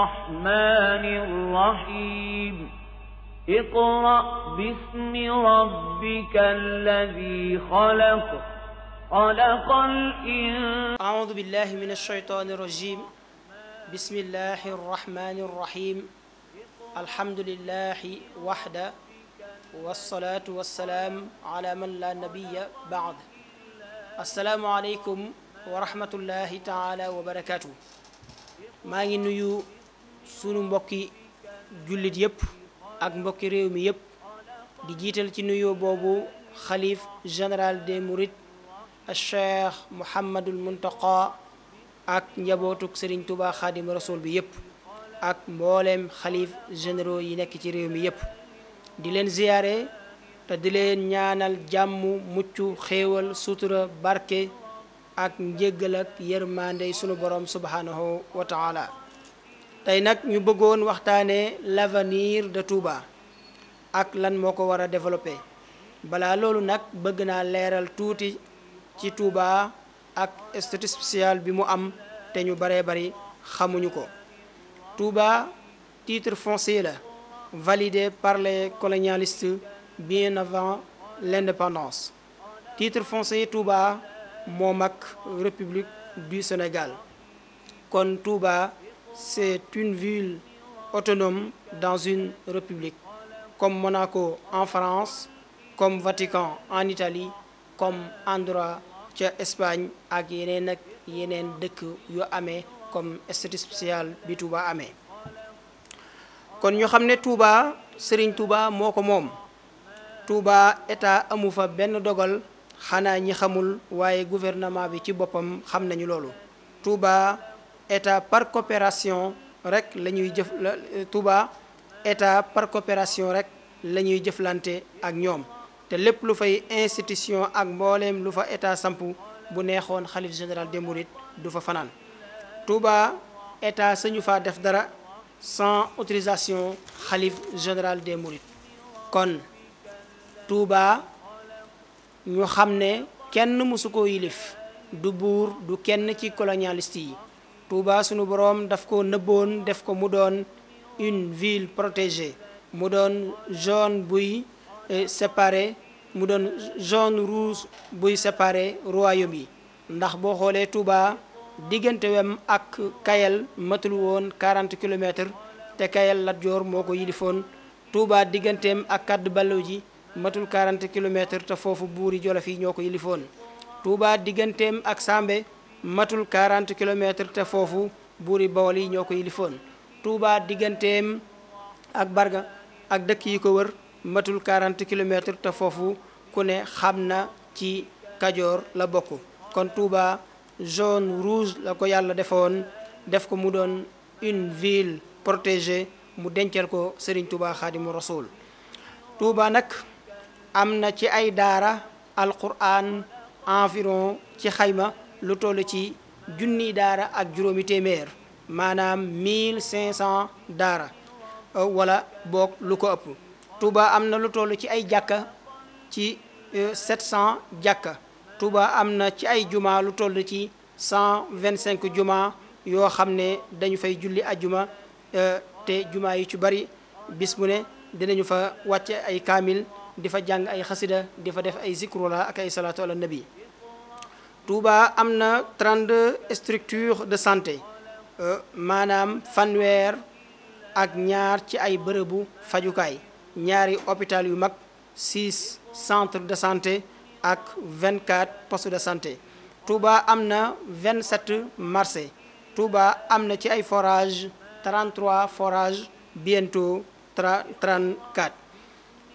الرحمن الرحيم اقرأ باسم ربك الذي خلق خلق الإنسان أعوذ بالله من الشيطان الرجيم بسم الله الرحمن الرحيم الحمد لله وحده والصلاة والسلام على من لا نبي بعد السلام عليكم ورحمة الله تعالى وبركاته ما ينوي sunu mbokki jullit yëpp ak mbokki réew mi yëpp di jiital ci nuyoo boobu xalif général des mourides cheikh Mouhamadul Muntaqa ak njabootuk Serigne Touba Xaadim Rasoul bi yëpp ak mbooleem xalif généraux yi nekk ci réew mi yëpp di leen ziyaare te di leen ñaanal jàmm mucc xéewal sutura barke ak njéggal ak yërmande sunu borom subhanahu wa tay nak ñu bëggoon l'avenir de Touba ak lan moko wara développer bala lolu nak bëgg na léral ci Touba ak statut spécial bi mu am té ñu Tuba bari xamuñu Touba titre foncier la validé par les colonialistes bien avant l'indépendance titre foncier Touba mo mak République du Sénégal kon Touba c'est une ville autonome dans une république, comme Monaco en France, comme Vatican en Italie, comme Andorra en Espagne ak yenen ak yenen deuk yu amé comme statut spécial bi Touba Amé. kon ñu xamné Touba Serigne Touba moko mom. Touba état amu fa ben dogal xana ñi xamul waye gouvernement bi ci bopam xamnañu lolu. Touba état par coopération rek lañuy jëf euh, Touba état par coopération rek lañuy jëflanté ak ñom té lepp lu fay institution ak mbooleem lu fa état sampu bu neexoon xalif général des mourides du fa Tuba Touba état sañu fa def dara sans autorisation Khalif général des mourides kon Touba ñu xamné ne kenn musuko yilif du bour du kenn ci colonialiste yi Touba sunu boroom daf ko nëbboon def ko mu doon une ville protégée mu doon zone buy eh, séparé mu doon zone rouge buy séparé royaume yi ndax boo xoolee Touba diggante ak Kayel matul woon 40 kilomètres te Kayel Lat Joor moo ko yilifoon Touba digganteem ak kàdd ballo ji matul 40 kilomètres te foofu buuri jolof yi ñoo ko yilifoon matul 40 kilomètres te foofu buuri bawol yi ñoo ko yilifoon Touba digganteem ak Barga ak dëkk yi ko wër matul 40 kilomètres te foofu ku ne xam na ci Kajoor la bokk kon Touba zone rouge la ko yàlla defoon def ko mu doon une ville protégée mu dencal ko Serigne Touba Xaadimu Rasuul Touba nag am na ci ay daara alquran environ ci xayma lu toll ci junni daara ak juróomi téeméer maanaam 1500 daara euh, wala boog lu ko ëpp Touba am na lu toll ci ay jàkka ci 700 euh, jàkka Touba am na ci ay juma lu toll ci 125 juma yoo xam ne dañu fay julli ajjuma euh, te jumaa yu ci bari bis mu ne dinañu fa wàcce ay kaamil di fa jàng ay xasida di fa def ay zikrula ak ay salaatu ala nabi Touba amna 32 structures de santé euh, manam fanwer ak ñaar ci ay ñaari hôpital yu mag 6 centres de santé ak 24 postes de santé Touba amna 27 marché Touba amna ci ay forage 33 forages bientôt 34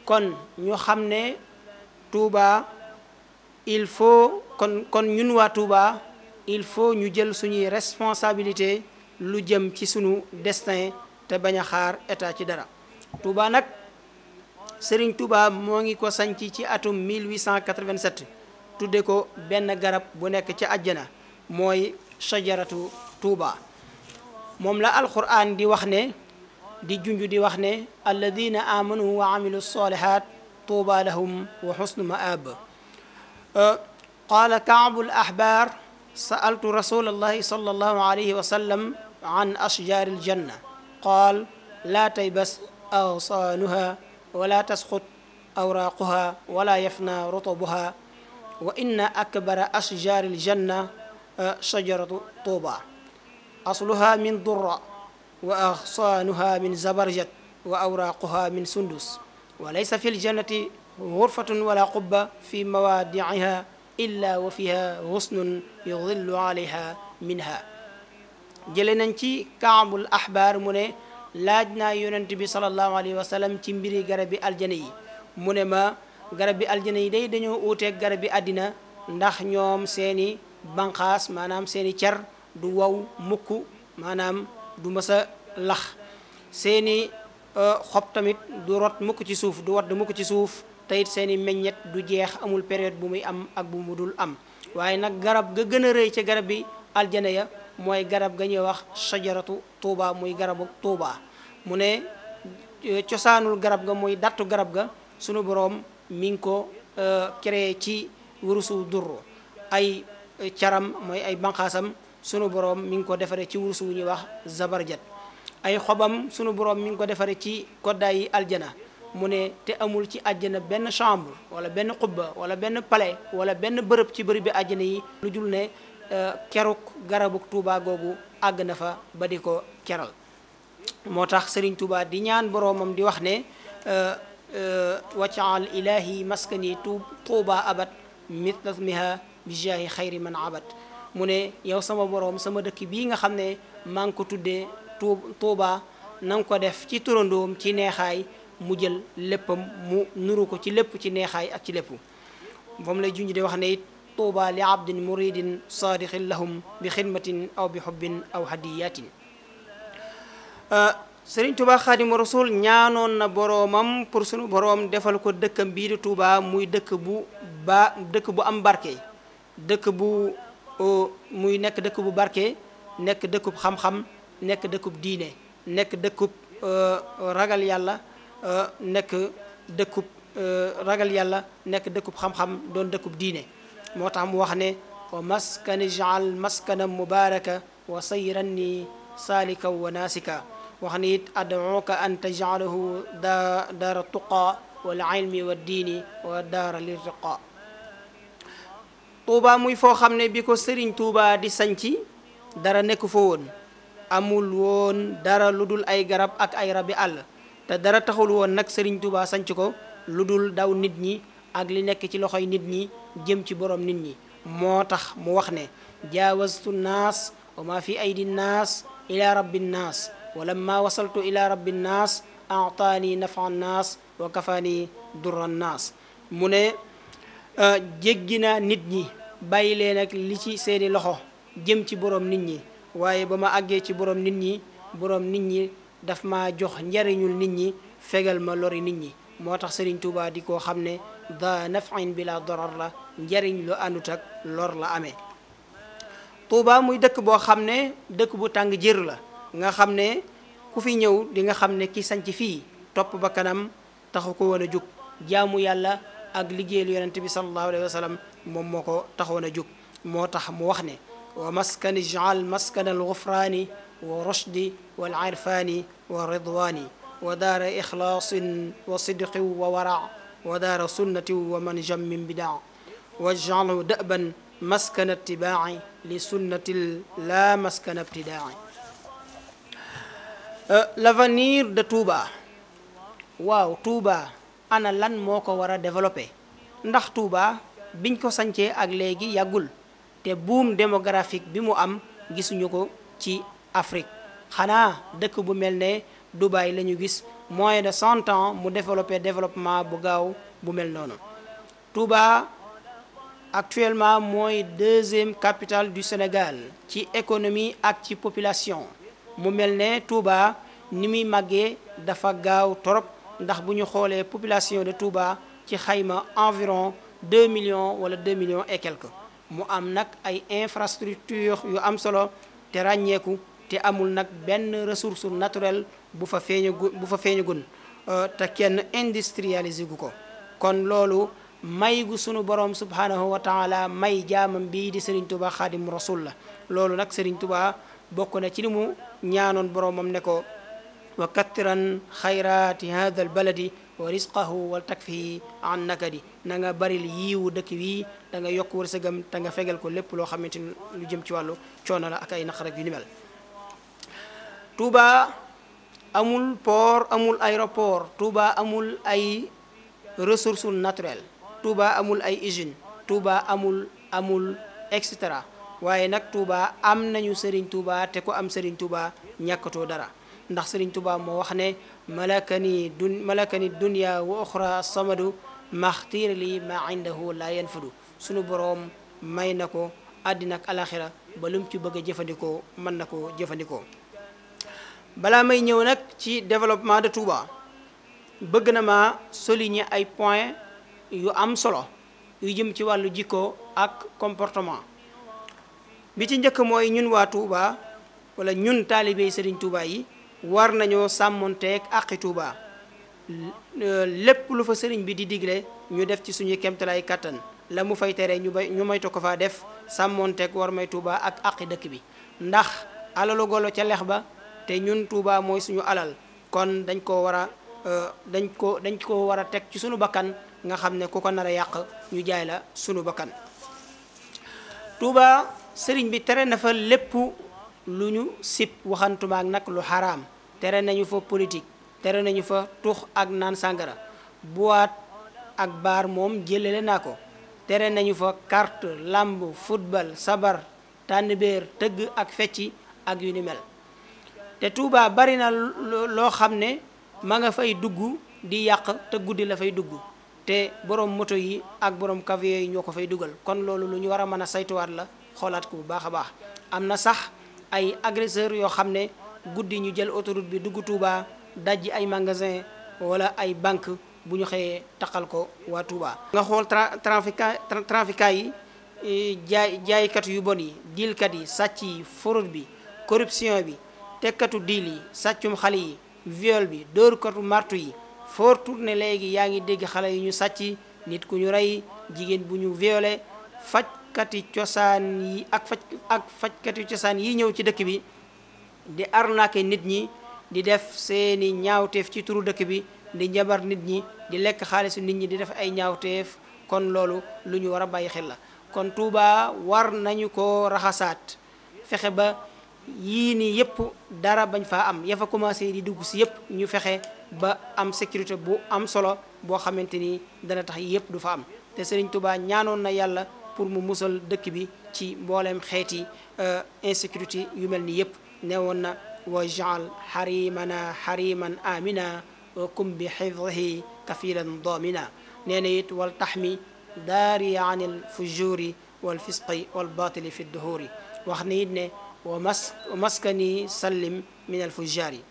kon ñu xamné Touba il faut kon kon ñun waa Touba il faut ñu jël suñuy responsabilité lu jëm ci sunu destin te bañ a xaar état ci dara Touba nag Sëriñ Touba moo ngi ko sanc ci atum 1887 tudde ko benn garab bu nekk ci àjjana mooy shajaratu Touba moom la alquran di wax ne di junj di wax ne alladina amanu wa amilu salihat Touba lahum wa xusnu maab euh, قال كعب الأحبار سألت رسول الله صلى الله عليه وسلم عن أشجار الجنة قال لا تيبس أغصانها ولا تسقط أوراقها ولا يفنى رطبها وإن أكبر أشجار الجنة شجرة طوبى أصلها من ضرة وأغصانها من زبرجد وأوراقها من سندس وليس في الجنة غرفة ولا قبة في موادعها إلا وفيها غصن يظل عليها منها jële nañ ci kaabul axbaar mu ne laaj naa yonent bi sallallahu alayhi wa sallam ci mbiri garab bi aljana yi mu ne ma garab bi aljana yi day dañoo uuteeg garab bi àddina ndax ñoom seeni banqaas maanaam seeni cer du wow mukk maanaam du mës a lax seeni xob tamit du rot mukk ci suuf du wadd mukk ci suuf teyit seen meññet du jeex amul période bu muy am ak bu mu dul am waaye nag garab ga gën a rëy ci garab bi aljana ya mooy garab ga ñuy wax sajaratu tuuba muy garabu tuuba mu ne e, cosaanul garab ga muy dattu garab ga sunu boroom mi ngi ko e, créé ci wurusu durru ay e, caram mooy ay banqaasam sunu boroom mi ngi ko defaree ci wurus wu ñuy wax zabarjat ay xobam sunu boroom mi ngi ko defaree ci koddaay aljana mu ne te amul ci àjjana benn chambre wala benn xubba wala benn pale wala benn bërëb ci bërëb bi àjjana yi lu jul ne euh, keruk garabuk Touba googu àgg na fa ba di ko keral moo tax sëriñ Touba di ñaan boroomam di wax ne euh, euh, waccaal ilahi maskani tu Touba abat mithlasmiha bijaahi xayri man abat mu ne yow sama boroom sama dëkk bii nga xam ne maa ngi ko tuddee Touba na nga ko def ci turandoom ci neexaay mu jël léppam mu nuru ko ci lépp ci neexaay ak ci lépp moom lay junj de wax ne it tuuba li abdin muridin saadixin lahum bi xidmatin aw bi xubbin aw hadiyatin euh, sëriñ tuuba xaadimu rasul ñaanoon na boroomam pour sunu boroom defal ko dëkkam bii di tuuba muy dëkk bu ba dëkk bu am barke dëkk bu euh, muy nekk dëkk bu barke nekk dëkkub xam-xam nekk dëkkub diine nekk dëkkub euh, ragal yàlla nek dëkkub ragal yàlla nek dëkkub xam-xam don dëkkub diine moo mu wax ne wa maskani jaal maskanan mubaraka wa sayranni salika wa nasika wax ne it ad'uka an taj'alahu dar tuqa wal ilmi wad diini wa daara lirtiqa Touba muy foo xam ne bi ko Sëriñ Touba di sanci dara nekk fa woon amul woon dara lu dul ay garab ak ay rabi àll te dara taxul woon nag sëriñ Touba sanc ko lu dul daw nit ñi ak li nekk ci loxoy nit ñi jëm ci borom nit ñi moo tax mu wax ne jaawastu naas wa ma fi aydi naas ila rabbi naas wa lamma wasaltu ila rabbi naas aataani nafa naas wa kafaani durra naas mu ne ah, jéggi naa nit ñi bàyyi leen ak li ci seeni loxo jëm ci borom nit ñi waaye ba ma àggee ci borom nit ñi borom nit ñi daf ma jox njariñul nit ñi fegal ma lori nit ñi moo tax Serigne Touba di ko xam ne da nafin bila dorar la njariñ lu àndut ak lor la amee Touba muy dëkk boo xam ne dëkk bu tàng jër la nga xam ne ku fi ñëw di nga xam ne ki sanc fii topp ba kanam taxu ko woon a jug jaamu yàlla ak liggéeyal yonente bi sallallahu alayhi wa moom moo ko taxoon a jóg moo tax mu wax ne wa maskan jaal maskan gufraani ورشد والعرفان والرضوان ودار إخلاص وصدق وورع ودار سنة ومنج من بدع واجعله دأبا مسكن اتباع لسنة لا مسكن ابتداع l'avenir de Touba waaw Touba ana lan moo ko war a développer ndax Touba biñ ko sancee ak léegi yàggul te boom démographique bi mu am gisuñu ko ci Afrique xanaa dëkk bu mel ne Dubaï gis moins de 100 ans mu développé développement bu gaaw bu mel Touba actuellement moy deuxième capitale du Sénégal ci économie ak ci population mu mel ne Touba ni muy màggee dafa gaaw ndax population de Touba ci xayma environ 2 millions wala 2 millions et quelques mu am nak ay infrastructures yu am solo te te amul nag benn ressource naturel bu fa feeñagu bu fa feeñagun euh, te kenn industrialisé gu ko kon loolu may gu sunu borom subhanahu wa may jaamam bii di Serigne Touba xaadim rasul la loolu nag Serigne Touba bokk na ci li mu ñaanoon boromam ne ko wa kattiran xayraati hada al baladi wa risqahu wal takfihi an nakadi na nga baril yiiwu dëkk wii danga yokk yokk wërsëgam te nga fegal ko lépp loo xamante ni lu jëm ci wàllu coono la ak ay naqar yu ni Touba amul port amul aéroport Touba amul ay ressources naturelles Touba amul ay usines Touba amul amul et cetera waaye nag Touba am nañu Serigne Touba te ko am Serigne Touba ñàkkatoo dara ndax Serigne Touba moo wax ne malakani dun malakani dunya wa oxra samadu maxtiir li ma indahu la yanfadu sunu boroom may na ko àddina ak ci bëgg a jëfandikoo mën na balaa may ñëw nag ci développement de Touba bëgg na ma souligner ay points yu am solo yu jëm ci wàllu jikko ak comportement bi ci njëkk mooy ñun waa Touba wala ñun taalibey Serigne Touba yi war nañoo sàmmonteeg àqi Touba lépp lu fa sëriñ bi di digle ñu def ci suñu kemtalaay kàttan la mu fay tere ñu bay ñu moytu ko faa def sàmmonteeg war may Touba ak àqi dëkk bi ndax alalu golo ca lex ba te ñun tuuba mooy suñu alal kon dañ koo war a euh, dañ ko dañ ko war a teg ci suñu bakkan nga xam ne ku ko nar yàq ñu jaay la suñu bakkan Touba sëriñ bi tere na fa lépp lu ñu sib waxantuma nag lu xaraam tere nañu fa politik tere nañu fa tux ak naan sàngara boîte ak baar moom jëlale naa ko tere nañu fa carte lamb football sabar tànn béer tëgg ak fecc ak yu ni mel te Touba bari na loo xam ne ma nga fay dugg di yàq te guddi la fay dugg te borom moto yi ak borom camion yi ñoo ko fay dugal kon loolu lu ñu war a mën a saytuwaat la xoolaat ko bu baax a baax am na sax ay agresseur yoo xam ne guddi ñu jël autoroute bi dugg Touba dajji ay magasin wala ay banque bu ñu xëyee taqal ko waa Touba. nga xool trafica trafica yi eh, jaay jaaykat yu bon yi diilkat yi sàcc yi fraude bi corruption bi. tekkatu diil yi sàccum xale yi viol bi dóorkatu martu yi foo tourné léegi yaa ngi dégg xale yu ñu sàcc nit ku ñu rey jigéen bu ñu violé fajkati cosaan yi ak fajkati cosaan yi ñëw ci dëkk bi di arnake nit ñi di def seeni ñaawteef ci turu dëkk bi di jabar nit ñi di lekk xaalisu nit ñi di def ay ñaawteef kon loolu lu ñu war a bàyyi xel la kon Tuuba war nañu ko raxasaat fexe ba yini yep dara bañ fa am ya fa commencé di dugg ci yep ñu fexe ba am sécurité bu am solo bo xamanteni dana tax yep du fa am te Serigne Touba ñaanon na yàlla pour mu mussal dëkk bi ci mbolém xéti euh insécurité yu melni yep néwon na wa jaal xarimana hariman amina wa kum bi xifdihi kafilan domina néna na it wal tahmi daari an al fujuri wal fisqi wal batili fi duhuri wax na ne wa mas wa maskani sallim min al fujjaar yi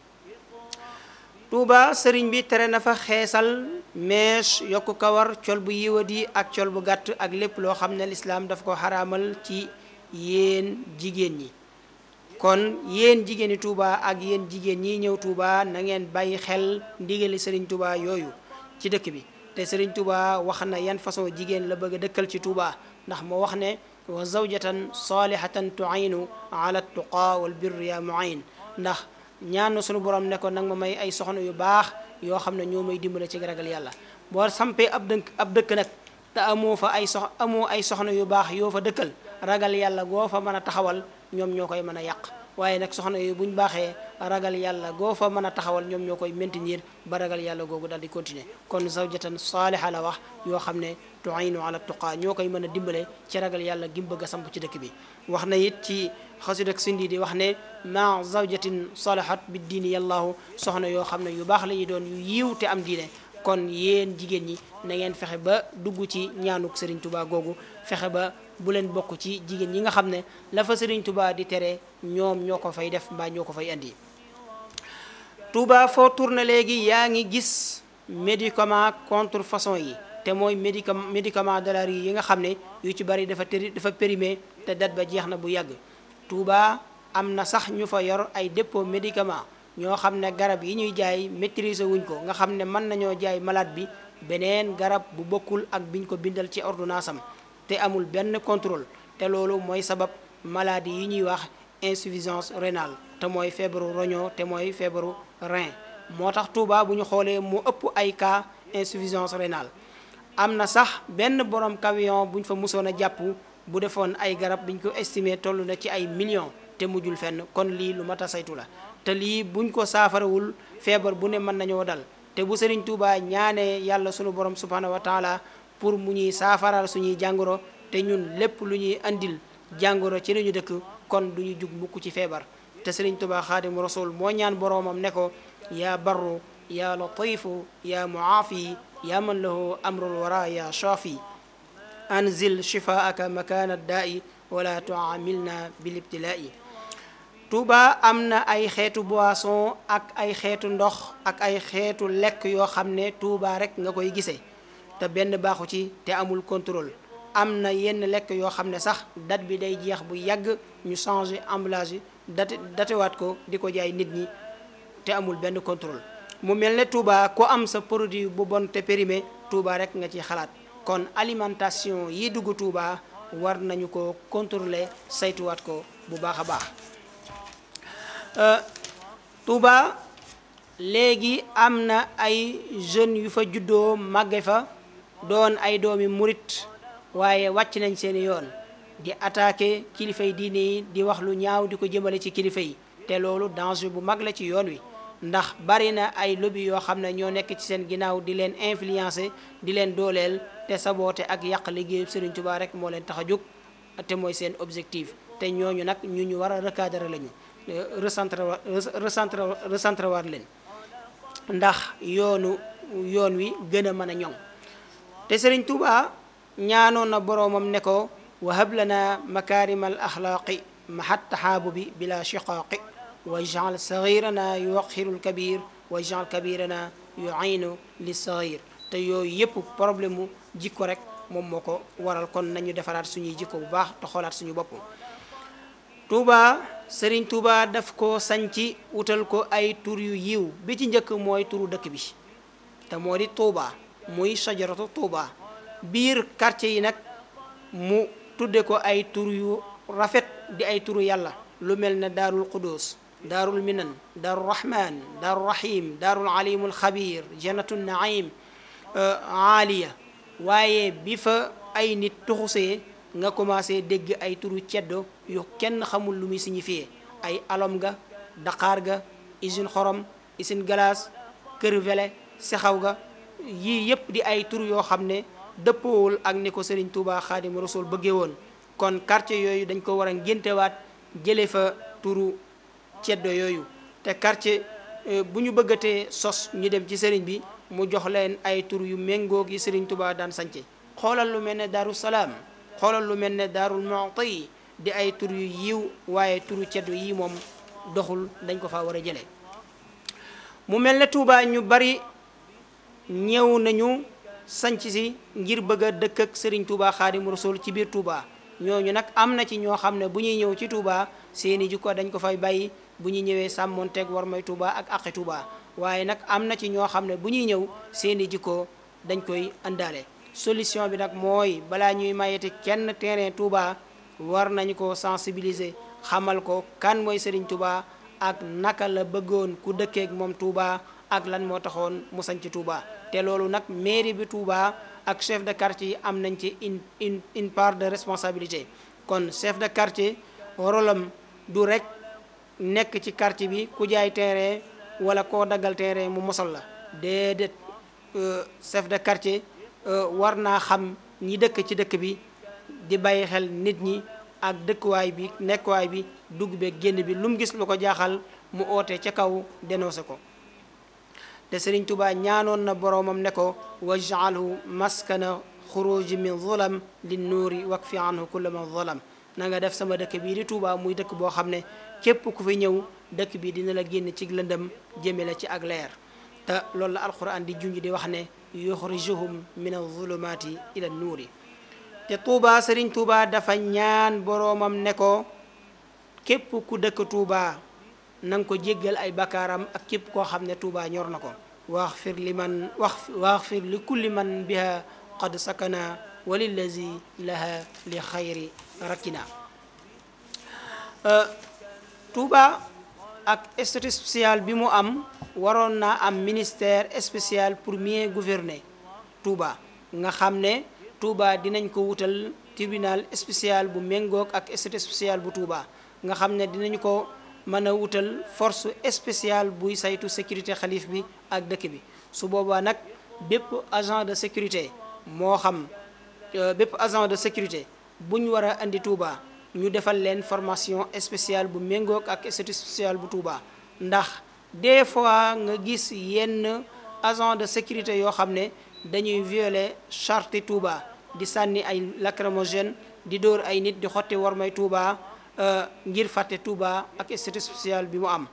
tuuba sëriñ bi tere na fa xeesal mees yokk kawar col bu yiwadi ak col bu gàtt ak lépp loo xam ne lislaam daf ko xaraamal ci yéen jigéen ñi kon yéen jigéen ñi tuuba ak yéen jigéen ñi ñëw tuuba na ngeen bàyyi xel ndigali sëriñ tuuba yooyu ci dëkk bi te sëriñ tuuba wax na yan façon jigéen la bëgg dëkkal ci tuuba ndax moo wax ne وزوجة صالحة تعين على التقى والبر يا معين نخ نيانو سونو بروم نيكو نانغ ماي اي سخونو يو باخ يو خامنا نيو ماي ديمبالي سي راغال يالا بو سامبي اب دنك اب دك نك تا امو فا اي سخ امو اي سخونو يو باخ يو فا دكل راغال يالا غو فا مانا تخاوال نيوم نيوكاي مانا يق waaye nag soxna yooyu bu ñu baaxee ragal yàlla goo fa mën a taxawal ñoom ñoo koy maintenir ba ragal yàlla googu daal di continuer kon zawjatan saaliha la wax yoo xam ne tuinu ala tuqaa ñoo koy mën a dimbale ci ragal yàlla gi mu bëgg a samp ci dëkk bi wax na it ci xasid ak sindi di wax ne ma zawjatin saalihat bi diini yàllaahu soxna yoo xam ne yu baax la ñu doon yu yiw te am diine kon yéen jigéen ñi na ngeen fexe ba dugg ci ñaanuk sëriñ tubaa googu fexe ba bu leen bokk ci jigéen ñi nga xam ne la fa Sëriñ Tuubaa di tere ñoom ñoo ko fay def mbaa ñoo ko fay andi. Touba foo tourné léegi yaa ngi gis médicament contrefaçon yi te mooy médicament médicament de la yi nga xam ne yu ci bari dafa tëri dafa périmé te date ba jeex na bu yàgg Touba am na sax ñu fa yor ay dépo médicament ñoo xam ne garab yi ñuy jaay maîtriser wuñ ko nga xam ne mën nañoo jaay malaat bi beneen garab bu bokkul ak biñ ko bindal ci ordonnance te amul benn contrôle telolo loolu moy sabab maladie yi ñuy wax insuffisance rénale té moy fièvre roño té rein motax Touba bu xolé mo mu ëpp ay insuffisance rénale am sax borom camion buñ fa Aigarab japp bu defoon ay garab biñ ko estimé toll na ci ay millions té mujjul fenn kon li lu mat buñ bu borom pour mu ñuy suñuy jàngoro te ñun lépp lu andil jàngoro ci lañu dëkk kon duñu jug mukk ci febar te sëriñ Tuubaa khadim Rasuul mo ñaan boromam ne ko yaa barru ya latif ya muafi ya man lahu amrul wara ya shafi anzil shifaaka makaana dai wala tuamilna bil ibtila'i Touba amna ay xeetu boisson ak ay xeetu ndox ak ay xeetu lekk yoo xam ne Touba rek nga koy gisee te benn baaxu ci te amul contrôle am na yenn lekk yoo xam ne sax date bi day jeex bu yàgg ñu changé emballage date datewaat ko di ko jaay nit ñi te amul benn contrôle mu mel ni Touba ku am sa produit bu bon te périmé Touba rek nga ci xalaat kon alimentation yi dugg Touba war nañu ko contrôler saytuwaat ko bu baax a baax euh, Touba léegi am na ay jeunes yu fa juddoo màgge fa doon ay doomi murit waaye wàcc nañ seeni yoon di attaqué kilifay diine yi di wax lu ñaaw di ko jëmale ci kilifa yi te loolu danger bu mag la ci yoon wi ndax bari na ay lobby yoo xam ne ñoo nekk ci seen ginnaaw di leen influencer di leen dooleel te saboote ak yàq liggéeyu Serigne Touba rek moo leen tax a jóg te mooy seen objectif te ñooñu nag ñu ñu war a recadrer lañu recentré recentré recentré waat leen ndax yoonu yoon wi gën a mën a ñoŋ. te sëriñ Tuuba ñaanoon na boroomam ne ko wahab lana makaarima al axlaaqi maxat taxaabu bi bila chiqaaqi wa jaal saxirana yuwaxiru lkabir wa jaal kabirana yuinu li saxir te yooyu yëpp problème mu jikko rek moom moo ko waral kon nañu defaraat suñuy jikko bu baax te xoolaat suñu bopp Touba Serigne Touba daf ko sanci wutal ko ay tur yu yiw bi ci njëkk mooy turu dëkk bi te moo di Touba موي شجرة طوبة بير كارتي نك مو تودكو أي تورو رافت دي أي تورو يالا لومل دار القدوس دار المنن دار الرحمن دار الرحيم دار العليم الخبير جنة النعيم آه عالية واي بيفا أي نيت تخوسي سي commencé dégg ay turu ceddo yu kenn xamul lu muy signifié ay alom ga dakar ga isin xorom isin galas kër vele sexaw yii yëpp di ay tur yoo xam ne dëppoowul ak ni ko Serigne Touba Xaadimu Rasuul bëggee woon kon quartier yooyu dañ ko war a ngéntewaat jële fa turu ceddo yooyu te quartier euh, bu ñu bëggatee sos ñu dem ci sëriñ bi mu jox leen ay tur yu méngoo gi Serigne Touba daan sance xoolal lu mel ne Daaru Salaam xoolal lu mel ne Daarul Muxti di ay tur yu yiw waaye tur ceddo yii moom doxul dañ ko fa war a jëlee mu mel ne Touba ñu bari ñëw nañu sanc si ngir bëgg dëkk ak Serigne Touba Xaadimu Rasuul ci biir Touba ñooñu nag am na ci ñoo xam ne bu ñuy ñëw ci Touba seeni jikko dañ ko fay bàyyi bu ñuy ñëwee sàmmonteeg war may Touba ak aqi Touba waaye nag am na ci ñoo xam ne bu ñuy ñëw seeni jikko dañ koy àndaale solution bi nag mooy balaa ñuy mayeti kenn terrain Touba war nañu ko sensibiliser xamal ko kan mooy Serigne Touba ak naka la bëggoon ku dëkkeek moom Touba ak lan moo taxoon mu ci Touba te loolu nag mairie bi Touba ak chef de quartier yi am nañ ci une une une part de responsabilité kon chef de quartier rolam du rekk nekk ci quartier bi ku jaay terrain wala koo daggal terrain mu mosal la déedéet euh, chef de quartier euh, war naa xam ñi dëkk ci dëkk bi di bàyyi xel nit ñi ak dëkkuwaay bi nekkuwaay bi dugg beeg génn bi lu mu gis lu ko jaaxal mu oote ca kaw dénoncé ko te Sëriñ Tuubaa ñaanoon na boroomam ne ko waj'alhu maskana xuruji min zulam li nuuri wakfi anhu kulla man zalam na nga def sama dëkk bii di Tuubaa muy dëkk boo xam ne képp ku fi ñëw dëkk bi dina la génn ci lëndëm jëme la ci ak leer te loolu la alquran di junj di wax ne yuxrijuhum min azulumaati ila nuuri te Tuubaa Sëriñ Tuubaa dafa ñaan boroomam ne ko képp ku dëkk Tuubaa nanko nga ay bakaram ak kep ko xamne Touba ñor nako waghfir liman waghfir man li kulli man biha qad sakana walillazi laha li xayri rakina Touba ak statut spécial bi mu am waron na am ministère spécial pour mieux gouverner Touba nga xamne Touba dinañ ko wutal tribunal spécial bu mengok ak statut spécial bu Touba nga xamne dinañ ko mën force spéciale buy saytu sécurité khalif bi ak dëkk bi su agent de sécurité Mo xam euh, agent de sécurité buñ wara andi Touba ñu defal leen formation spéciale bu mengok ak bu Touba ndax des fois nga gis yenn agent de sécurité yo xam dañuy violer charte Touba di sanni ay lacrymogène di ay nit di xoti war may Touba Euh, ngir fàtte Touba ak statut social bi mu am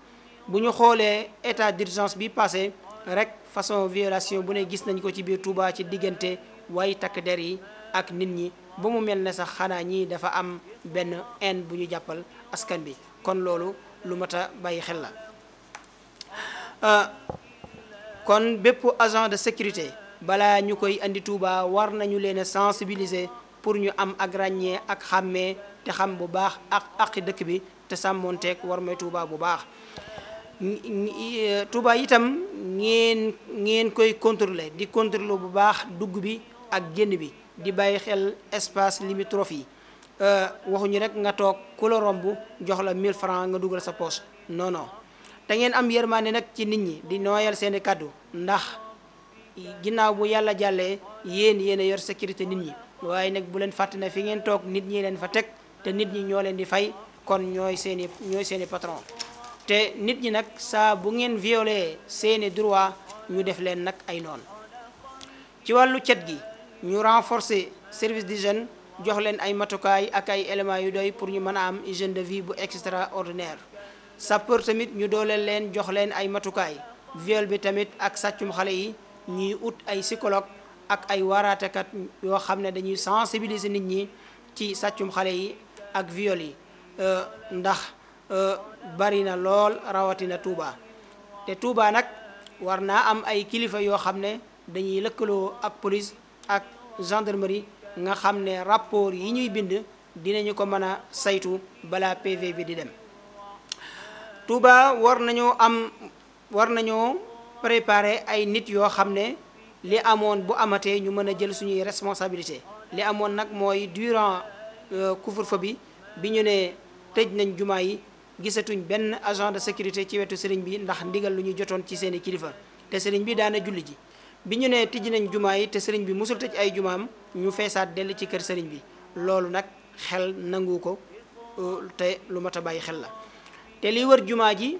bu ñu xoolee état d'urgence bi passé rek façon violation bu ne gis nañ ko ci biir Touba ci diggante way takk der yi ak nit ñi ba mu mel ne sax xanaa ñii dafa am benn haine bu ñu jàppal askan bi kon loolu lu mat a bàyyi xel la euh, kon bépp agent de sécurité balaa ñu koy indi Touba war nañu leen a sensibiliser pour ñu am ak ràññee ak xàmmee te xam bu baax ak aqi dëkk bi te sàmmoonteeg war may Touba bu baax eh, Touba itam ngeen ngeen koy contrôler di contrôler bu baax dugg bi ak génn bi di bàyyi xel espace limitrophe yi eh, waxuñu rek nga toog ku la romb jox la 1000 francs nga dugal sa poche noono non te ngeen am yërmaande nag ci nit ñi di nooyal seen i kàddu ndax ginnaaw bu yàlla jàllee yéen yéen a yor sécurité nit ñi waaye nag bu leen fàtte na fi ngeen toog nit ñi leen fa teg te nit ñi ñoo leen di fay kon ñooy seeni ñooy seeni patron te nit ñi nag saa bu ngeen violé seeni droit ñu def leen nag ay noon ci wàllu cet gi ñu renforcer service d'hygiène jox leen ay matukaay ak ay éléments yu doy pour ñu mën a am hygiène de vie bu extraordinaire sapeur tamit ñu dooleel leen jox leen ay matukaay viol bi tamit ak sàccum xale yi ñuy ut ay psychologue ak ay waraatekat yoo xam ne dañuy sensibiliser nit ñi ci sàccum xale yi ak viol yi euh, ndax euh, bari na lool rawatina Touba te Touba nag war naa am ay kilifa yoo xam ne dañuy lëkkaloo ak police ak gendarmerie nga xam ne rapport yi ñuy bind dinañu ko mën a saytu balaa PV bi di dem Touba war nañoo am war nañoo préparer ay nit yoo xam ne li amoon bu amatee ñu mën a jël suñuy responsabilité li amoon nag mooy durant euh, couvre-feu bi bi ñu ne tëj nañ jumaa yi gisatuñ benn agent de sécurité ci wetu sëriñ bi ndax ndigal lu ñuy jotoon ci seeni kilifa te sëriñ bi daana julli ji bi ñu ne tijji nañ jumaa yi te sëriñ bi musul tëj ay jumaam ñu feesaat dell ci kër sëriñ bi loolu nag xel nangu ko euh, te lu mat a bàyyi xel la te liy wër jumaa ji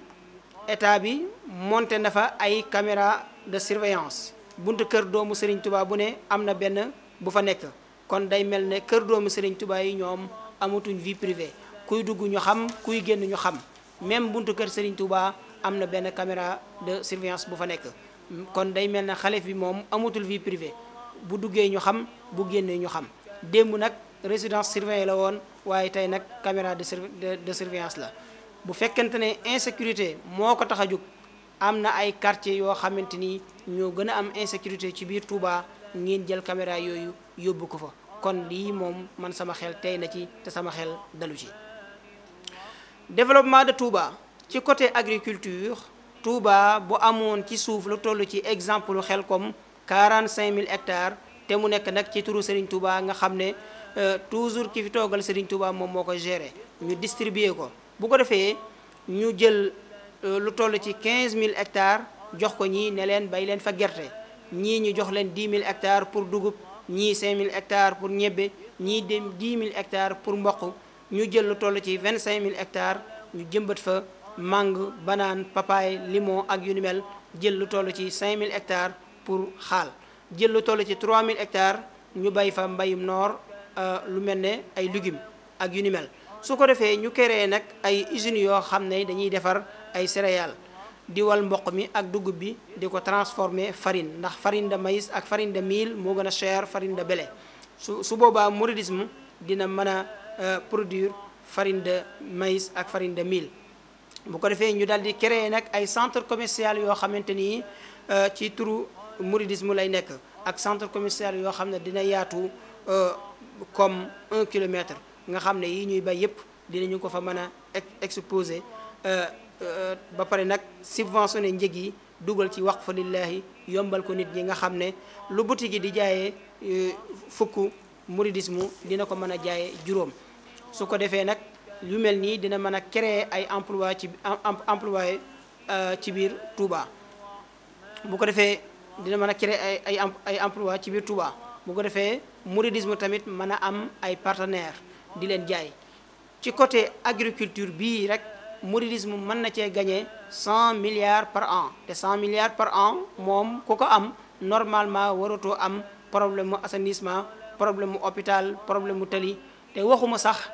état bi monté na fa ay caméra de surveillance buntu kër doomu Serigne Touba bu ne am na benn bu fa nekk kon day mel ne kër doomu Serigne Touba yi ñoom amatuñ vie privé kuy dugg ñu xam kuy génn ñu xam même buntu kër Serigne Touba am na benn caméra de surveillance bu fa nekk kon day mel ne xalif bi moom amatul vie privé bu duggee ñu xam bu génnee ñu xam démb nag résidence surveillée la woon waaye tey nag caméra de de surveillance la bu fekkente ne insécurité moo ko tax a jóg amna ay quartier yo xamanteni ñu gëna am insécurité ci biir Touba ngeen jël caméra yoyu fa kon man sama développement de Touba ci côté agriculture Touba bu amone ci souf lu ci exemple xel comme 45 000 hectares té mu nekk nak ci touru Serigne Touba nga euh, toujours Serigne distribuer ko bu ko euh, lu 15 ci 15000 hectares jox ko ñii ne leen bay leen fa gerte ñii ñu hectares pour dugub 5 5000 hectares pour ñebbe ñii dem 10000 hectares pour moko ñu jël lu 25 ci 25000 hectares ñu jëmbat fa mangue banane, papaye limon ak yu ni mel jël lu hectares pour xaal jël lu toll ci 3000 hectares ñu bay fa mbayum noor euh, lu mel ay légumes ak yu nous mel su ko defee ñu créé nag ay dañuy ay céréales di wal mboq mi ak dugub bi diko transformer farine ndax farine de maïs ak farine de mil mo gëna cher farine de blé su su boobaa mouridisme dina mëna euh, produire farine de maïs ak farine de mil. bu ko defee ñu daldi créer nak ay centre commercial yo xamanteni euh, ci turu mouridisme lay nek ak centre commercial yo xam dina yaatu euh, comme 1 km nga xam yi ñuy bay yépp dinañu ko fa mëna exposer Euh, ba pare nag subventionné njëg yi dugal ci wax waqf lillahi yombal ko nit ñi nga xam ne lu boutique gi di jaayee euh, fukk mouridisme dina ko mën a jaaye juróom su ko defee nag lu mel nii dina mën a créer ay emploi ci employé euh, ci biir Touba bu ko defee dina mën a créer ay ay ay emploi ci biir Touba bu ko defee mouridisme tamit mën a am ay partenaire di leen jaay ci côté agriculture bii rek mouridisme man na cee gagné 100 milliards par an te 100 milliards par an moom ku ko am normalement waratoo am problème assainissement problème hôpital problème mu tali te waxuma sax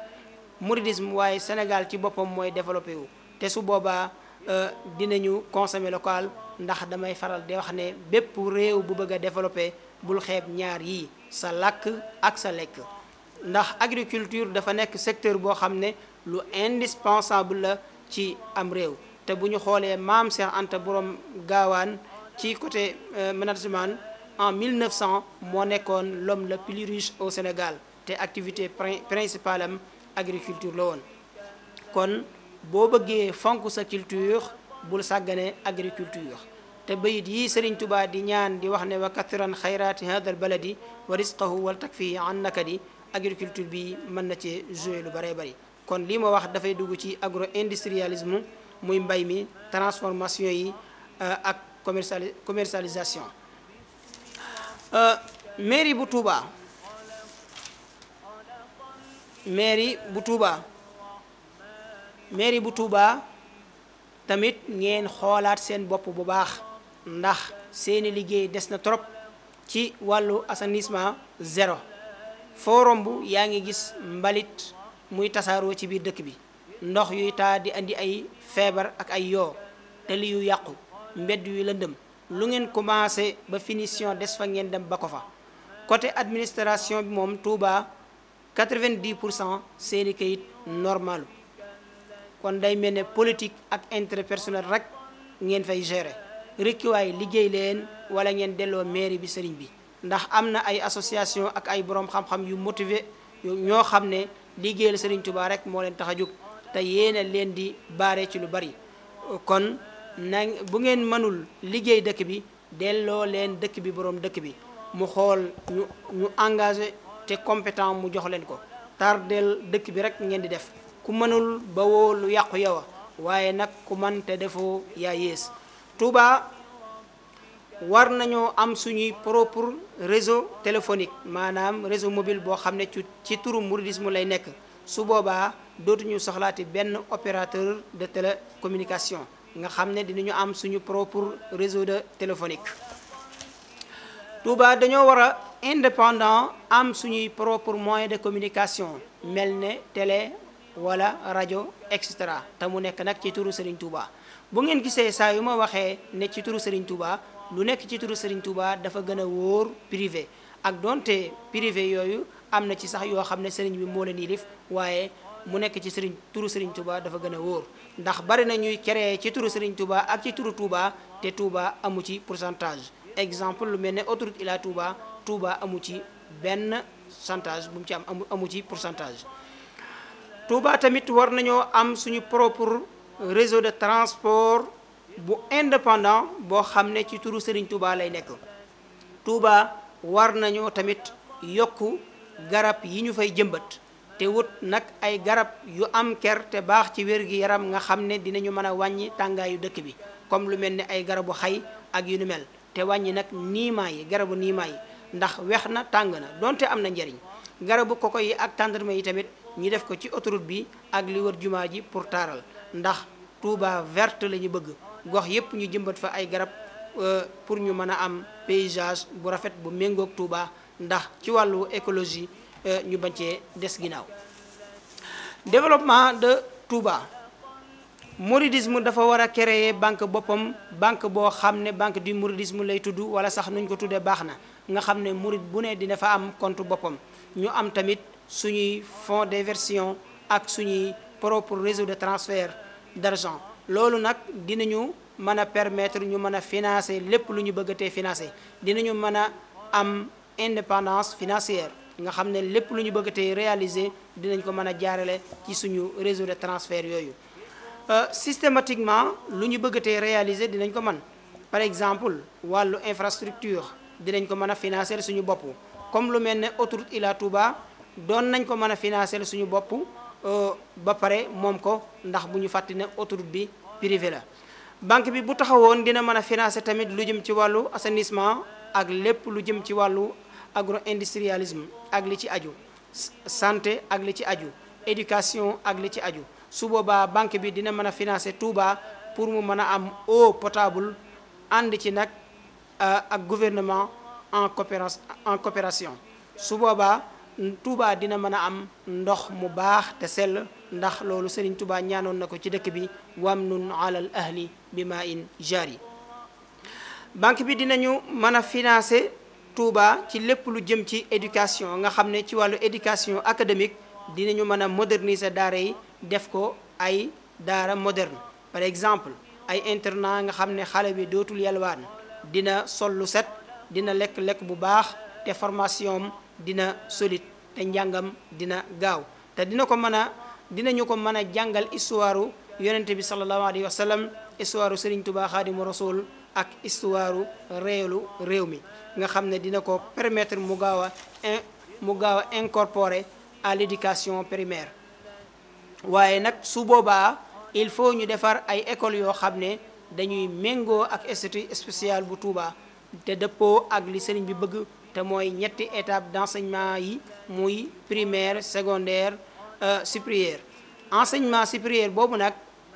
mouridisme waaye Sénégal ci boppam mooy développé wu te su boobaa euh, dinañu consommer local ndax damay faral di wax ne bépp réew bu bëgg a développé bul xeeb ñaar yii sa làkk ak sa lekk ndax agriculture dafa nekk secteur boo xam ne lu indispensable la ci am rew te buñu xolé mam Cheikh Anta borom gaawaan ci côté euh, management en 1900 mo nekkoon l'homme le plus riche au Sénégal te activité principale am agriculture la won kon bo bëggee fonku sa culture bul sagané agriculture te bayit yi serigne touba di ñaan di wax né wa kathiran xayraati al baladi wa risqahu wal takfi an nakadi agriculture bi man na ci joué lu bari bari kon li ma wax dafay dugg ci agro industrialisme muy mbay mi transformation yi euh, ak commercialisation commercialisation euh, mairie bu Touba mairie bu Touba mairie bu Touba tamit ngeen xolaat seen bop bu baax ndax seen liggéey des na trop ci walu assainissement zéro forum bu yaa gis mbalit muy tasaaroo ci biir dëkk bi ndox yuy taa di andi ay feebar ak ay yoo li yu yàqu mbedd yu lëndëm lu ngeen commencé ba finition des fa ngeen dem ba ko fa côté administration bi moom Touba 90 pour cent seeni kayit normal kon day mel ne politique ak interpersonnel rek ngeen fay gérer rëkkiwaay liggéey leen wala ngeen delloo mairie bi sëriñ bi ndax am na ay association ak ay boroom xam-xam yu motivé ñoo xam ne liggéeyal Sëriñ tubaa rek moo leen tax a te yéena leen di baare ci lu bari kon na bu ngeen mënul liggéey dëkk bi delloo leen dëkk bi boroom dëkk bi mu xool ñu ñu engagé te compétent mu jox leen ko tardel dëkk bi rek ngeen di def ku mënul ba woo lu yàqu yow waaye nag ku man te defoo yaa yées Tuubaa war nañoo am suñuy propre réseau téléphonique maanaam réseau mobile boo xam ne ci ci turu mouridisme lay nekk su boobaa dootuñu soxlaati benn opérateur de télécommunication nga xam ne dinañu am suñu propre réseau de téléphonique Touba dañoo war a indépendant am suñuy propre moyen de communication mel ne télé wala rajo et cetera te mu nekk nag ci turu Serigne Touba bu ngeen gisee saa yu ma waxee ne ci turu Serigne Touba lu nekk ci turu Serigne Touba dafa gën a wóor privé ak donte privé yooyu am na ci sax yoo xam ne Serigne bi moo leen yilif waaye mu nekk ci Serigne turu Serigne Touba dafa gën a wóor ndax bari na ñuy créer ci turu Serigne Touba ak ci turu Touba te Touba amu ci pourcentage exemple lu mel ne autoroute Ila Touba Touba amu ci benn chantage bu mu ci am amu ci pourcentage. Touba tamit war nañoo am suñu propre réseau de transport. bu indépendant boo xam ne ci turu Serigne Touba lay nekk Touba war nañoo tamit yokk garab yi ñu fay jëmbat te wut nag ay garab yu am ker te baax ci wér gi yaram nga xam ne dinañu mën a wàññi tàngaayu dëkk bi comme lu mel ni ay garabu xay ak yu nu mel te wàññi nag niimaa yi garabu niimaa yi ndax weex na tàng na donte am na njariñ garabu koko yi ak tàndarma yi tamit ñu def ko ci autoroute bi ak li jumaa ji pour taaral ndax Touba verte la ñu bëgg gox yépp ñu jëmbat fa ay garab euh, pour ñu mën a am paysage bu rafet bu méngoog Touba ndax ci wàllu écologie euh, ñu bañ cee des ginnaaw développement de Touba mouridisme dafa war a créer banque boppam banque boo xam ne banque du mouridisme lay tudd wala sax nuñ ko tuddee baax na nga xam ne murid bu ne dina fa am compte boppam ñu am tamit suñuy fonds d'inversion ak suñuy propre réseau de transfert d'argent ce nak dinañu nous permettre financer les lu bëgg té financer Nous avons indépendance financière nous xamné ne lépp lu réaliser dinañ ko ci de transfert euh, systématiquement lu bëgg té réaliser dinañ ko par exemple l'infrastructure, infrastructure dinañ ko mëna comme lu mel autoroute Ila Touba doon nañ ko mëna Euh, ba pare moom ko ndax bu ñu fàttali ne autoroute bi privé la banque bi bu taxawoon dina mën a financer tamit lu jëm ci wàllu assainissement ak lépp lu jëm ci wàllu agro industrialisme ak li ci aju santé ak li ci aju éducation ak li ci aju su boobaa banque bi dina mën a financer Touba pour mu mën a am eau potable ànd ci nag euh, ak gouvernement en coopération en coopération Touba dina mën a am ndox mu baax te sell ndax loolu Serigne Touba ñaanoon na ko ci dëkk bi wam nun alal ahli bi ma in yi banque bi dinañu mën a financer Touba ci lépp lu jëm ci éducation nga xam ne ci wàllu éducation académique dinañu mën a moderniser daara yi def ko ay daara moderne par exemple ay internat nga xam ne xale bi dootul yalwaan dina sol lu set dina lekk lekk bu baax te formation dina solide te njàngam dina gaaw te dina ko mën a dinañu ko mën a jàngal histoire yonente bi sallallahu alayhi wa sallam histoire Serigne Touba Xaadimu Rasul ak histoire réelu réew mi nga xam ne dina ko permettre mu gaaw a gaaw a incorporer à l'éducation primaire waaye nag su boobaa il faut ñu defar ay écoles yoo xam ne dañuy méngoo ak institut spécial bu Touba te dëppoo ak li sëriñ bi bëgg te mooy ñetti étape d'enseignement yi primaire secondaire euh, supérieur enseignement supérieur boobu nag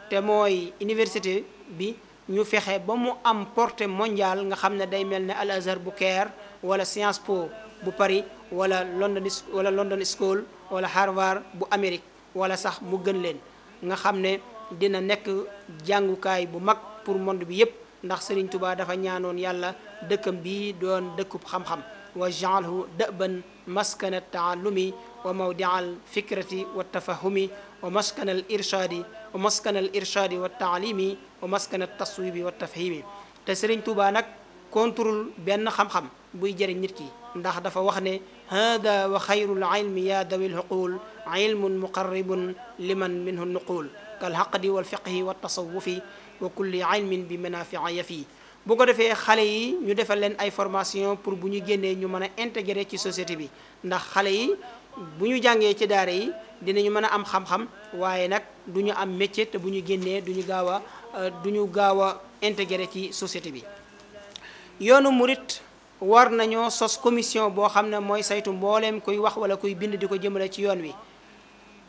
te mooy université bi ñu fexe ba mu am portée mondiale nga xam day mel Al Azhar bu Caire wala Sciences Po bu Paris wala London wala London School wala Harvard bu Amérique wala sax mu gën leen nga xam dina nek jàngukaay bu mag pour monde bi yépp ndax Serigne Touba dafa ñaanoon yàlla dëkkam bi doon dëkkub xam-xam واجعله دأبا مسكن التعلم وموضع الفكرة والتفهم ومسكن الإرشاد ومسكن الإرشاد والتعليم ومسكن التصويب والتفهيم تسرين تبانك كونترول بأن خم خم بيجر نيركي ndax dafa wax ne hada wa khayrul ilmi ya dawil huqul ilmun muqarribun liman minhu nuqul kal haqdi wal fiqhi wat bu ko defee xale yi ñu defal leen ay formation pour bu ñu génnee ñu mën a intégrer ci société bi ndax xale yi bu ñu jàngee ci daara yi dinañu mën a am xam-xam waaye nag du ñu am métier te bu ñu génnee du ñu gaaw a euh, du ñu gaaw a intégré ci société bi yoonu murit war nañoo sos commission boo xam ne mooy saytu mbooleem kuy wax wala kuy bind di ko jëmale ci yoon wi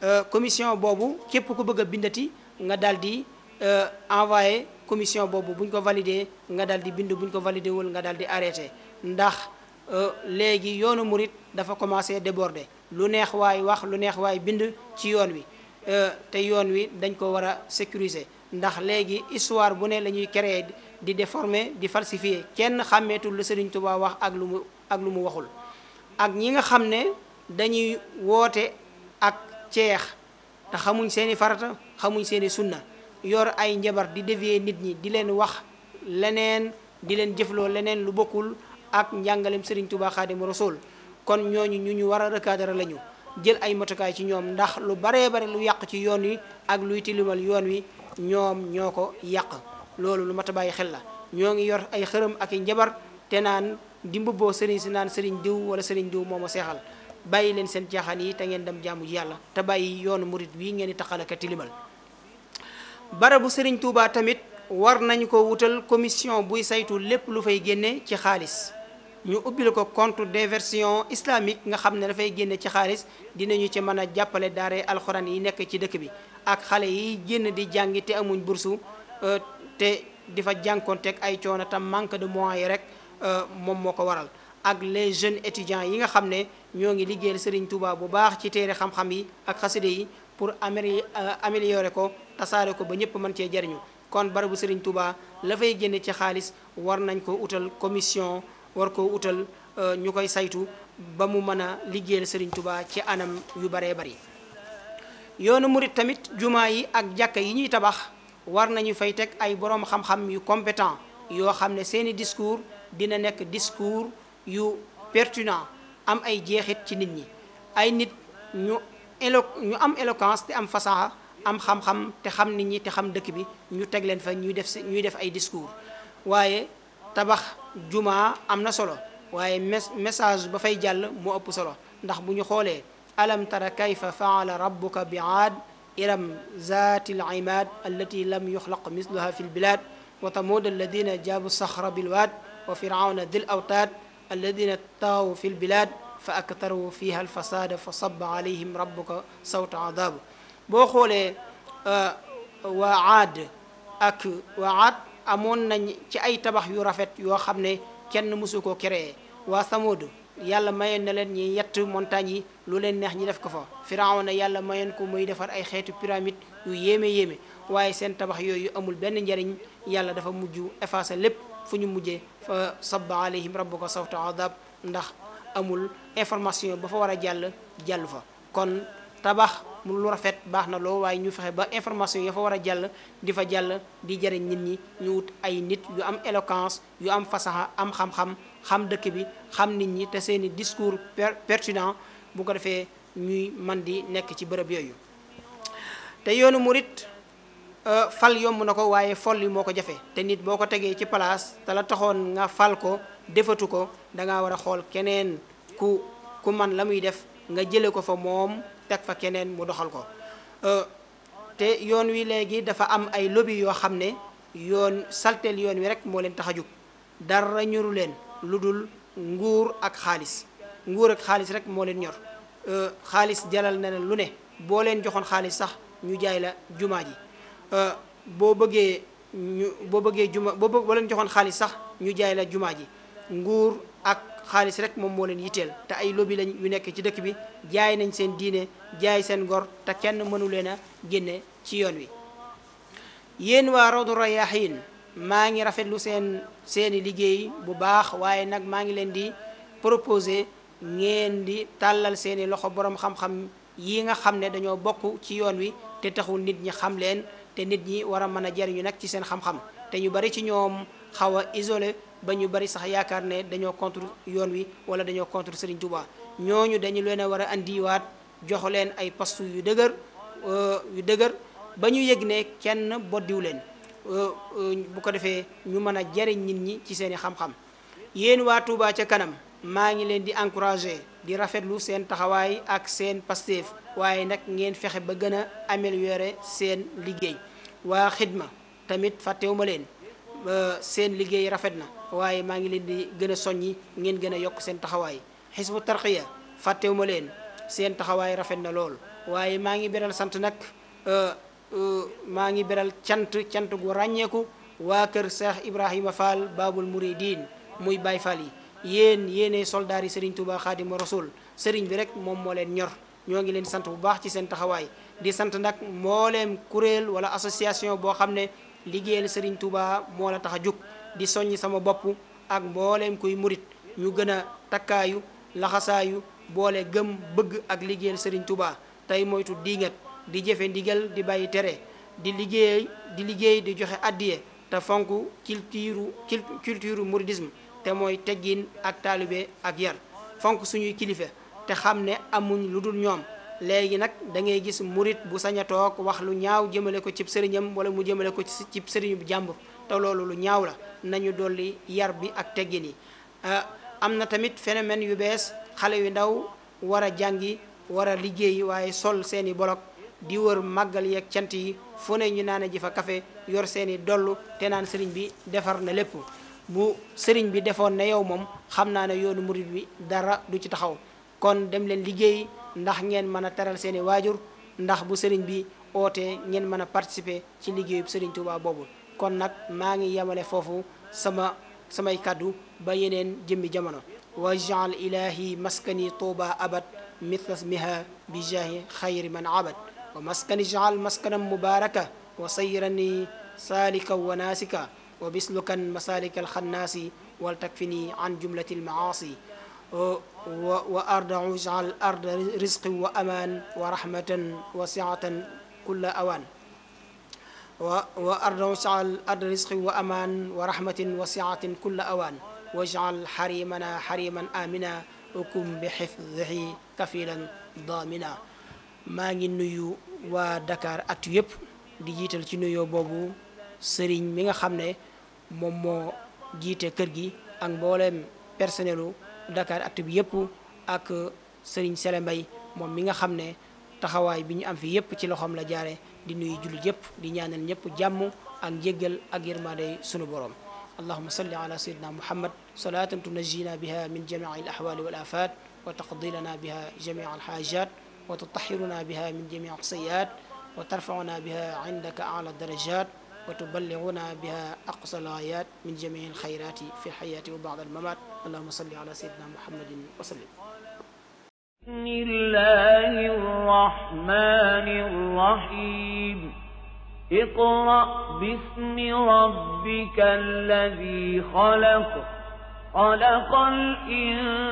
euh, commission boobu képp ku bëgg a bindati nga daldi Euh, envoyé commission bobu buñ ko validé nga daldi di buñ ko validé wul nga daldi arrêté ndax euh, légui yoonu mourid dafa commencé déborder lu neex way wax lu neex way bind ci yoon wi euh, té yoon wi dañ ko wara sécuriser ndax légui histoire bu né lañuy créer di déformer di falsifier kenn xamétul lu Sëriñ Tuubaa wax ak lu ak lu mu waxul ak ñi nga xamné dañuy woté ak ceex te xamuñ seeni farata xamuñ seeni sunna yor ay njabar di dévier nit ñi di leen wax leneen di leen jëfloo leneen lu bokul ak njàngalem Serigne Touba Khadim Rasoul kon ñooñu ñu ñu war a recadrer lañu jël ay matukaay ci ñoom ndax lu baree bare lu yàq ci yoon wi ak luy tilimal yoon wi ñoom ñoo ko yàq lu mata a bàyyi xel la ñoo ngi yor ay xërëm ak njabar te naan di mbubboo serigne si naan diw wala serigne diw moo ma seexal bàyyi leen seen caaxaan yi te ngeen dem jaamu yàlla te bàyyi yoonu murit wi ngeen di taxal ak tilimal barabu Serigne Touba tamit war nañu ko wutal commission buy saytu lépp lu fay génne ci xaalis ñu ubbil ko compte d'inversion islamique nga xam ne dafay génne ci xaalis dinañu ci mën a jàppale daare alxuraan yi nekk ci dëkk bi ak xale yi génn di jàngi te amuñ bursu euh, te di fa jànkoonteeg ay coono tam manque de moyens yi rek euh, moom moo ko waral ak les jeunes étudiants yi nga xam ne ñoo ngi liggéeyal Serigne Touba bu baax ci téere xam-xam yi ak xaside yi pour euh, améliorer ko tasaare ko ba ñëpp mën cee jariñu kon barabu Serigne Touba la fay génne ci xaalis war nañ ko utal commission war ko utal euh, ñu koy saytu ba mu mën a liggéeyal Serigne Touba ci anam yu baree bari yoonu murit tamit jumaa yi ak jàkka yi ñuy tabax war nañu fay teg ay boroom xam-xam yu compétent yoo xam ne seeni discours dina nekk discours yu pertinent am ay jeexit ci nit ñi ay nit ñu élo ñu am éloquence te am fasaxa am xam-xam te xam nit ñi te xam dëkk bi ñu teg leen fa ñuy def si ñuy def ay discours waaye tabax jumaa am na solo waaye message ba fay jàll moo ëpp solo ndax bu ñu xoolee alam tara kayfa faala rabbuka bi aad iram zaati al imaad allati lam yuxlaq misluha fi lbilad wa tamuud alladina jaabu saxra bilwaad wa firawna dil awtaad alladina taaw fi lbilad فأكثروا فيها الفساد فصب عليهم ربك صوت عذاب boo xoolee waa aad ak waa aad amoon nañ ci ay tabax yu rafet yoo xam ne kenn mësu ko créé waa Samood yàlla mayoon na leen ñi yett montagne yi lu leen neex ñi def ko fa Firawna yàlla mayoon ko muy defar ay xeetu pyramide yu yéeme yéeme waaye seen tabax yooyu amul benn njariñ yàlla dafa mujj effacé lépp fu ñu mujjee fa sabba alayhim rabbuka sawta adab ndax amul information ba fa wara jall jall fa kon tabax mu lu rafet baxna lo way ñu fexé ba information ya fa wara jall jàll di di nit ñi ñu wut ay nit yu am éloquence yu am fasaha am xam-xam xam dëkk bi xam nit ñi te seeni discours pertinent bu ko defé ñuy man di nekk ci bërepp yoyu te yoonu murit euh, fal yom nako ko waaye fol yi moko te nit boko ko ci place la taxone nga fal ko defatu ko dangaa war a xool keneen ku ku man la muy def nga jële ko fa moom teg fa keneen mu doxal ko euh, te yoon wi léegi dafa am ay lobby yoo xam ne yoon salteel yoon wi rek moo leen tax a jóg dara ñoru leen lu dul nguur ak xaalis nguur ak xaalis rek moo leen ñor euh, xaalis jalal na leen lu ne boo leen joxoon xaalis sax ñu jaay la jumaa ji euh, boo bëggee ñu boo bëggee juma boo leen joxoon xaalis sax ñu jaay la jumaa ji nguur ak xaalis rek moom moo leen yitteel te ay lobby lañ yu nekk ci dëkk bi jaay nañ seen diine jaay seen gor te kenn mënu leen a génne ci yoon wi yéen waa Rawdu Rayaahiin maa ngi rafetlu seen seeni liggéey bu baax waaye nag maa ngi leen di proposé ngeen di tàllal seeni loxo boroom xam-xam yi nga xam ne dañoo bokk ci yoon wi te taxul nit ñi xam leen te nit ñi war a mën a jariñu nag ci seen xam-xam te ñu bari ci ñoom xaw isolé ba ñu bari sax yaakaar ne dañoo contre yoon wi wala dañoo contre Serigne Touba ñooñu dañu leen a war a andiwaat jox leen ay pastu yu dëgër euh, yu dëgër ba ñu yëg ne kenn boddiw leen euh, euh, bu ko defee ñu mën a jariñ nit ñi ci seeni xam-xam yéen waa Touba ca kanam maa ngi leen di encourager di rafetlu seen taxawaay ak seen pasteef waaye nag ngeen fexe ba gën a améliorer seen liggéey waa xidma tamit fàttewuma leen seen liggéey rafet na waye ma ngi leen di gën soññi ngeen gëna yok seen taxaway hisbu tarqiya fàttewuma leen seen taxaway rafet na lool waye ma ngi beral sant euh, euh ma ngi beral cant cant gu ràññeeku wa keur Cheikh Ibrahima Fall Babul muridin muy bay fali yeen yene soldari Serigne Touba khadim Rasoul Serigne bi rek mom mo leen ñor ñoo ngi leen sant bu baax ci seen taxaway di sant nak mbooleem Kurel, wala association bo xamne ne liggéeyal Serigne Touba mo la taxajuk di soññ sama bopp ak mbooleem kuy murit ñu gën a takkaayu laxasaayu boole gëm bëgg ak liggéeyal Serigne Touba tey moytu diingat di jëfe ndigal di bàyyi tere di liggéey di liggéey di joxe addiye te fonk culture culture mouridisme te mooy teggin ak taalibe ak yar fonk suñuy kilifa te xam ne amuñ lu dul ñoom léegi nag da ngay gis murit bu sañ a toog wax lu ñaaw jëmale ko cib sëriñam wala mu jëmale ko cib sëriñu jàmbur te loolu lu ñaaw la nañu dolli yar bi ak teggin yi ah, am na tamit phénomène yu bees xale yu ndaw war a jàngi war a liggéey waaye sol seeni bolok di wër màggal yeeg cant yi foo ne ñu naane ji fa kafe yor seeni dollu te naan sëriñ bi defar na lépp bu sëriñ bi defoon na yow moom xam naa ne yoonu murit bi dara du ci taxaw kon dem leen liggéey ndax ngeen mën a teral seeni waajur ndax bu sëriñ bi ootee ngeen mën a participer ci liggéeyub sëriñ Tuubaa boobu kon nak maa ngi yemale foofu sama samay kaddu ba yenen jëmmi jamono wa ja'al ilahi maskani tuba abad mithla miha bi jahi khayr man abad wa maskani jaal maskanan mubaraka wa sayyirani salika wa nasika sayrani سالكا وناسكا وبسلكا مسالك الخناس ولتكفني عن جملة المعاصي وأرض اجعل أرض رزق وأمان ورحمة وسعة كل أوان وأرض واجعل أرض رزق وأمان ورحمة وسعة كل أوان واجعل حريمنا حريما آمنا وكن بحفظه كفيلا ضامنا maa ngi nuyu waa Dakar Actu yëpp di jiital ci nuyoo boobu sëriñ mi nga xam ne moom moo jiite kër gi ak mbooleem personnelu Dakar Actu bi yëpp ak sëriñ Sele Mbay moom mi nga xam ne taxawaay bi ñu am fi yëpp ci loxoom la jaare di nuyu julit yépp di ñaanal ñépp jàmm ak njéggal ak yërmande sunu borom اللهم صل على سيدنا محمد صلاة تنجينا بها من جميع الأحوال والآفات وتقضي لنا بها جميع الحاجات وتطهرنا بها من جميع السيئات وترفعنا بها عندك أعلى الدرجات وتبلغنا بها أقصى الغايات من جميع الخيرات في الحياة وبعد الممات اللهم صل على سيدنا محمد وسلم بسم الله الرحمن الرحيم اقرأ باسم ربك الذي خلق خلق الإنسان